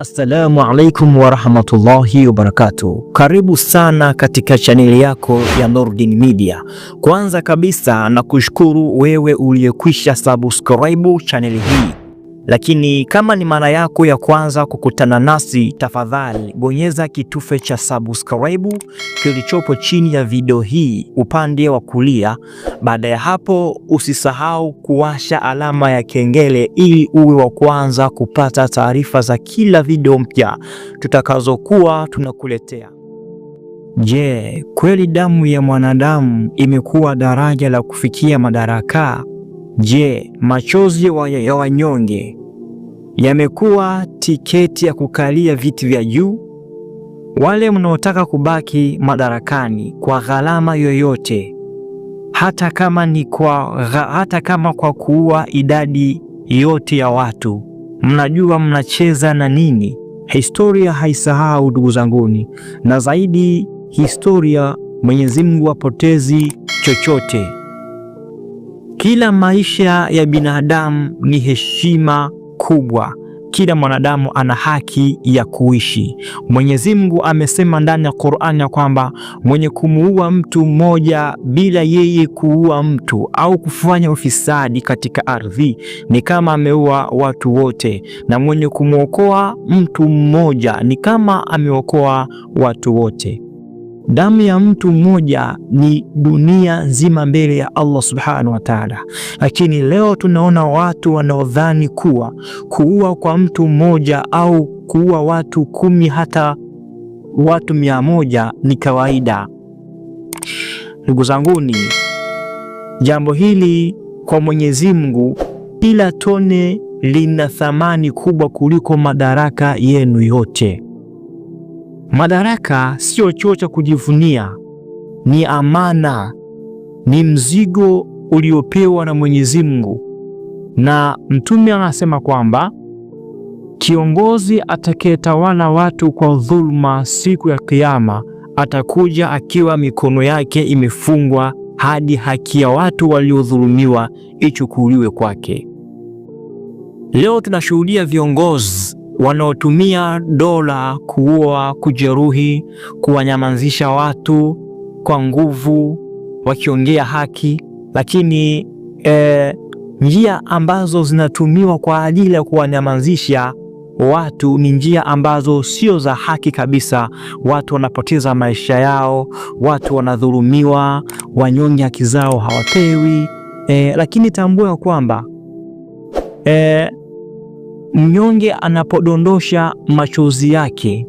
Assalamu alaikum warahmatullahi wabarakatuh. Karibu sana katika chaneli yako ya Nurdin Media. Kwanza kabisa na kushukuru wewe uliyekwisha subscribe chaneli hii lakini kama ni mara yako ya kwanza kukutana nasi, tafadhali bonyeza kitufe cha subscribe kilichopo chini ya video hii upande wa kulia. Baada ya hapo, usisahau kuwasha alama ya kengele ili uwe wa kwanza kupata taarifa za kila video mpya tutakazokuwa tunakuletea. Je, kweli damu ya mwanadamu imekuwa daraja la kufikia madaraka? Je, machozi ya wanyonge yamekuwa tiketi ya kukalia viti vya juu. Wale mnaotaka kubaki madarakani kwa gharama yoyote, hata kama ni kwa, hata kama kwa kuua idadi yote ya watu, mnajua mnacheza na nini. Historia haisahau ndugu zanguni, na zaidi historia, Mwenyezi Mungu apotezi chochote. Kila maisha ya binadamu ni heshima kubwa kila mwanadamu ana haki ya kuishi. Mwenyezi Mungu amesema ndani ya Qur'an ya kwamba mwenye kumuua mtu mmoja bila yeye kuua mtu au kufanya ufisadi katika ardhi ni kama ameua watu wote, na mwenye kumwokoa mtu mmoja ni kama ameokoa watu wote. Damu ya mtu mmoja ni dunia nzima mbele ya Allah subhanahu wa taala, lakini leo tunaona watu wanaodhani kuwa kuua kwa mtu mmoja au kuua watu kumi hata watu mia moja ni kawaida. Ndugu zanguni, jambo hili kwa Mwenyezi Mungu kila tone lina thamani kubwa kuliko madaraka yenu yote. Madaraka sio chuo cha kujivunia, ni amana, ni mzigo uliopewa na Mwenyezi Mungu. Na Mtume anasema kwamba kiongozi atakayetawala watu kwa dhuluma siku ya Kiyama atakuja akiwa mikono yake imefungwa hadi haki ya watu waliodhulumiwa ichukuliwe kwake. Leo tunashuhudia viongozi wanaotumia dola kuua, kujeruhi, kuwanyamazisha watu kwa nguvu, wakiongea haki, lakini e, njia ambazo zinatumiwa kwa ajili ya kuwanyamazisha watu ni njia ambazo sio za haki kabisa. Watu wanapoteza maisha yao, watu wanadhulumiwa, wanyonge haki zao hawapewi. E, lakini tambua kwamba e, Mnyonge anapodondosha machozi yake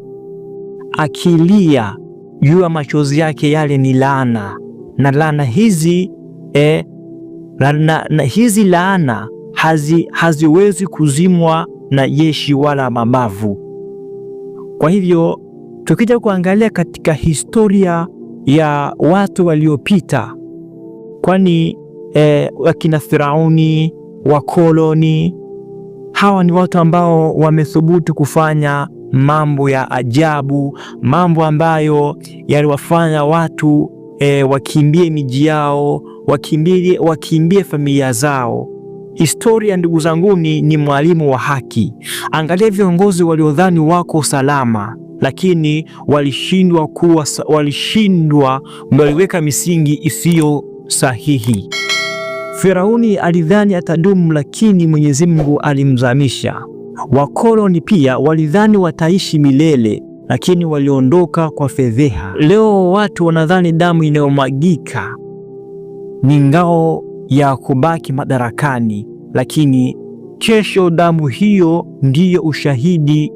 akilia, jua machozi yake yale ni laana, na laana hizi eh, na, na hizi laana hazi, haziwezi kuzimwa na jeshi wala mabavu. Kwa hivyo tukija kuangalia katika historia ya watu waliopita, kwani eh, wakina Firauni, wakoloni hawa ni watu ambao wamethubutu kufanya mambo ya ajabu, mambo ambayo yaliwafanya watu e, wakimbie miji yao, wakimbie, wakimbie familia zao. Historia ndugu zanguni ni mwalimu wa haki. Angalia viongozi waliodhani wako salama, lakini walishindwa kuwa, walishindwa, waliweka misingi isiyo sahihi. Firauni alidhani atadumu, lakini Mwenyezi Mungu alimzamisha. Wakoloni pia walidhani wataishi milele, lakini waliondoka kwa fedheha. Leo watu wanadhani damu inayomwagika ni ngao ya kubaki madarakani, lakini kesho damu hiyo ndiyo ushahidi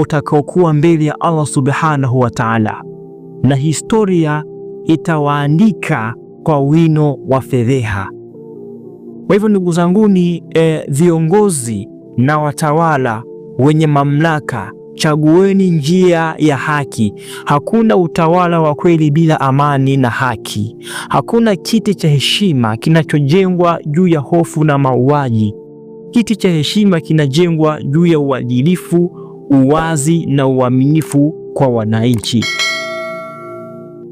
utakaokuwa mbele ya Allah subhanahu wa ta'ala, na historia itawaandika kwa wino wa fedheha. Kwa hivyo ndugu zanguni, e, eh, viongozi na watawala wenye mamlaka, chagueni njia ya haki. Hakuna utawala wa kweli bila amani na haki. Hakuna kiti cha heshima kinachojengwa juu ya hofu na mauaji. Kiti cha heshima kinajengwa juu ya uadilifu, uwazi na uaminifu kwa wananchi.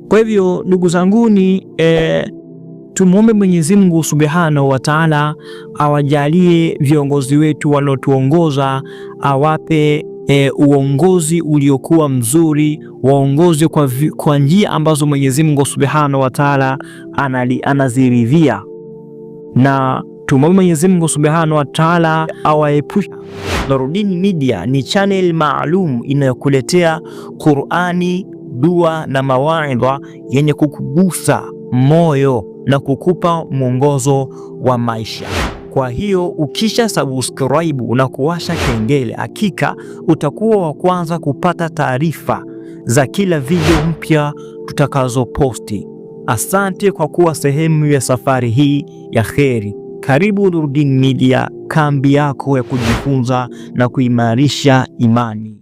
Kwa hivyo ndugu zanguni, eh, Tumwombe Mwenyezi Mungu Subhanahu wa Ta'ala awajalie viongozi wetu wanaotuongoza, awape e, uongozi uliokuwa mzuri, waongoze kwa, vi, kwa njia ambazo Mwenyezi Mungu Subhanahu wa Ta'ala anaziridhia, na tumwombe Mwenyezi Mungu Subhanahu wa Ta'ala awaepusha. Nurdin Media ni channel maalum inayokuletea Qur'ani, dua na mawaidha yenye kukugusa moyo na kukupa mwongozo wa maisha. Kwa hiyo ukisha subscribe na kuwasha kengele, hakika utakuwa wa kwanza kupata taarifa za kila video mpya tutakazoposti. Asante kwa kuwa sehemu ya safari hii ya kheri. Karibu Nurdin Media, kambi yako ya kujifunza na kuimarisha imani.